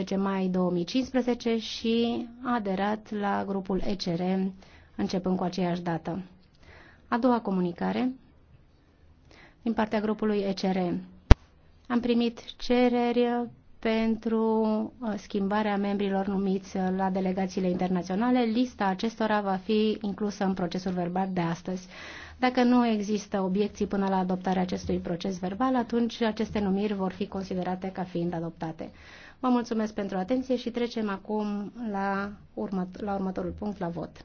18 mai 2015 și a aderat la grupul ECR începând cu aceeași dată. A doua comunicare din partea grupului ECR. Am primit cereri pentru uh, schimbarea membrilor numiți la delegațiile internaționale. Lista acestora va fi inclusă în procesul verbal de astăzi. Dacă nu există obiecții până la adoptarea acestui proces verbal, atunci aceste numiri vor fi considerate ca fiind adoptate. Vă mulțumesc pentru atenție și trecem acum la, urmă, la următorul punct, la vot.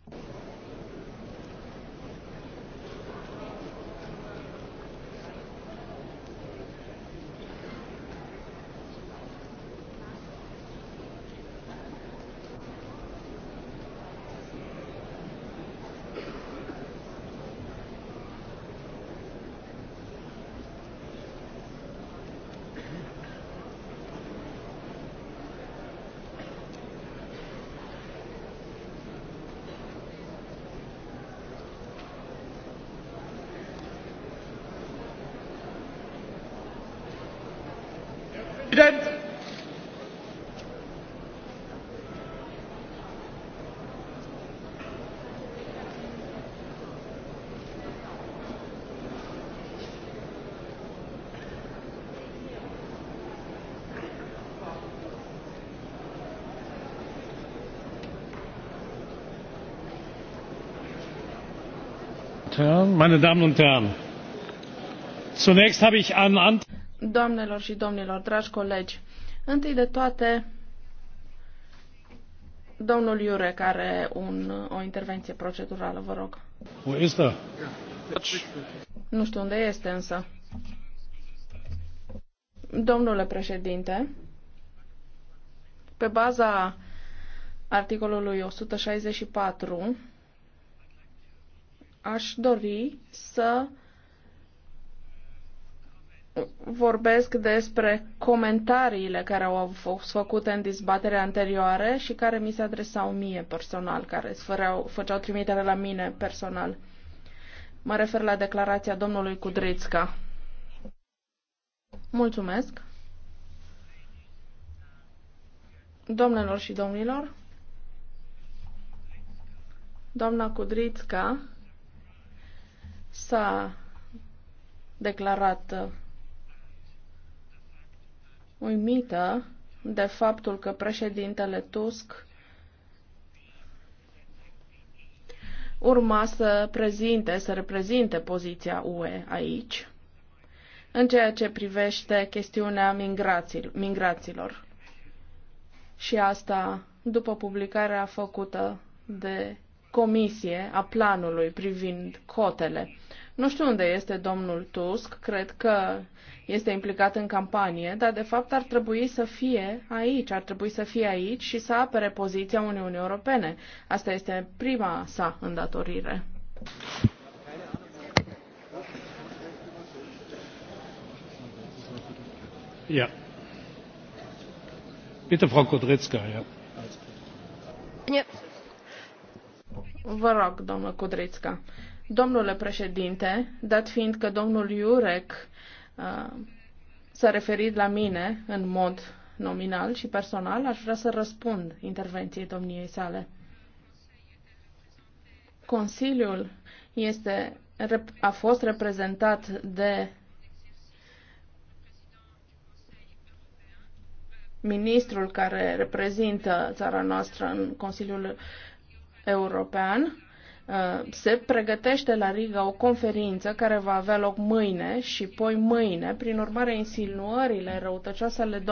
President. meine damen und herren! zunächst habe ich einen antrag Doamnelor și domnilor, dragi colegi, întâi de toate, domnul Iurec are un, o intervenție procedurală, vă rog. Unde este? Nu știu unde este, însă. Domnule președinte, pe baza articolului 164, aș dori să vorbesc despre comentariile care au fost făcute în dezbatere anterioare și care mi se adresau mie personal, care făreau, făceau trimitere la mine personal. Mă refer la declarația domnului Cudrițca. Mulțumesc. Domnilor și domnilor, doamna Cudrițca s-a declarat uimită de faptul că președintele Tusk urma să prezinte, să reprezinte poziția UE aici, în ceea ce privește chestiunea migraților. Și asta după publicarea făcută de comisie a planului privind cotele. Nu știu unde este domnul Tusk, cred că este implicat în campanie, dar de fapt ar trebui să fie aici, ar trebui să fie aici și să apere poziția Uniunii Europene. Asta este prima sa îndatorire. Ja. Bitte, Frau Kodretzka, ja. Vă rog, domnul Kudrițca. Domnule președinte, dat fiind că domnul Iurec uh, s-a referit la mine în mod nominal și personal, aș vrea să răspund intervenției domniei sale. Consiliul este, a fost reprezentat de ministrul care reprezintă țara noastră în Consiliul European Uh, se pregătește la Riga o conferință care va avea loc mâine și poi mâine, prin urmare insinuările răutăcioase ale